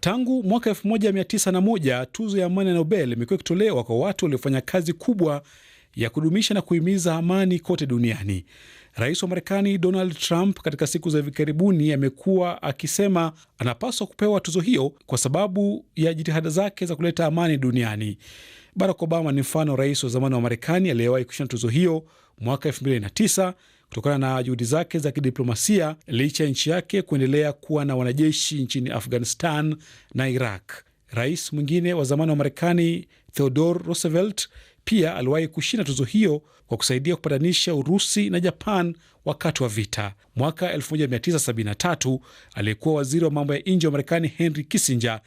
Tangu mwaka 1901 tuzo ya amani ya Nobel imekuwa ikitolewa kwa watu waliofanya kazi kubwa ya kudumisha na kuhimiza amani kote duniani. Rais wa Marekani Donald Trump katika siku za hivi karibuni amekuwa akisema anapaswa kupewa tuzo hiyo kwa sababu ya jitihada zake za kuleta amani duniani. Barack Obama ni mfano rais wa zamani wa Marekani aliyewahi kushinda tuzo hiyo mwaka 2009 kutokana na juhudi zake za kidiplomasia licha ya nchi yake kuendelea kuwa na wanajeshi nchini Afghanistan na Iraq. Rais mwingine wa zamani wa Marekani Theodore Roosevelt pia aliwahi kushinda tuzo hiyo kwa kusaidia kupatanisha Urusi na Japan wakati wa vita. Mwaka 1973 aliyekuwa waziri wa mambo ya nje wa Marekani Henry Kissinger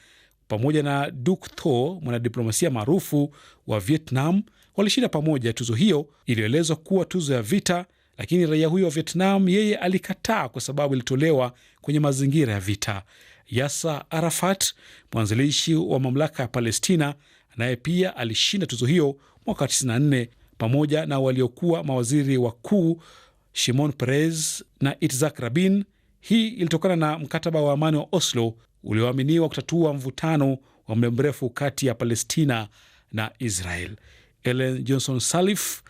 pamoja na Duc Tho, mwanadiplomasia maarufu wa Vietnam, walishinda pamoja tuzo hiyo iliyoelezwa kuwa tuzo ya vita lakini raia huyo wa Vietnam yeye alikataa kwa sababu ilitolewa kwenye mazingira ya vita. Yasa Arafat, mwanzilishi wa mamlaka ya Palestina, naye pia alishinda tuzo hiyo mwaka 94 pamoja na waliokuwa mawaziri wakuu Shimon Peres na Itzhak Rabin. Hii ilitokana na mkataba wa amani wa Oslo ulioaminiwa kutatua mvutano wa muda mrefu kati ya Palestina na Israel. Ellen Johnson Sirleaf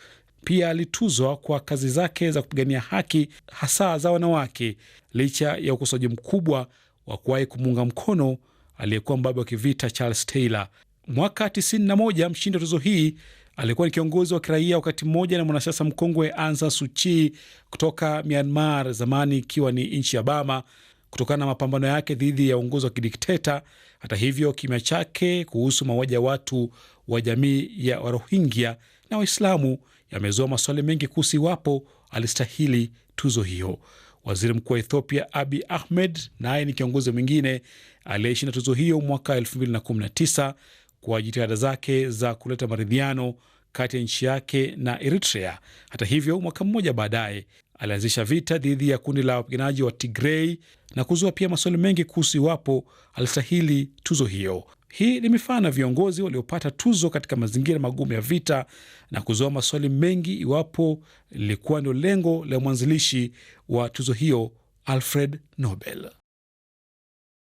pia alituzwa kwa kazi zake za kupigania haki hasa za wanawake, licha ya ukosoaji mkubwa wa kuwahi kumuunga mkono aliyekuwa mbabe wa kivita Charles Taylor. Mwaka 91 mshindi wa tuzo hii alikuwa ni kiongozi wa kiraia wakati mmoja na mwanasiasa mkongwe Ansa Suchi kutoka Myanmar, zamani ikiwa ni nchi ya Bama, kutokana na mapambano yake dhidi ya uongozi wa kidikteta. Hata hivyo, kimya chake kuhusu mauaji ya watu wa jamii ya Warohingya na Waislamu yamezua maswali mengi kuhusu iwapo alistahili tuzo hiyo. Waziri mkuu wa Ethiopia Abi Ahmed naye ni kiongozi mwingine aliyeshinda tuzo hiyo mwaka 2019 kwa jitihada zake za kuleta maridhiano kati ya nchi yake na Eritrea. Hata hivyo, mwaka mmoja baadaye alianzisha vita dhidi ya kundi la wapiganaji wa Tigrei na kuzua pia maswali mengi kuhusu iwapo alistahili tuzo hiyo. Hii ya viongozi waliopata tuzo katika mazingira magumu ya vita na kuzoa maswali mengi iwapo lilikuwa ndio lengo la mwanzilishi wa tuzo hiyo Alfred Nobel.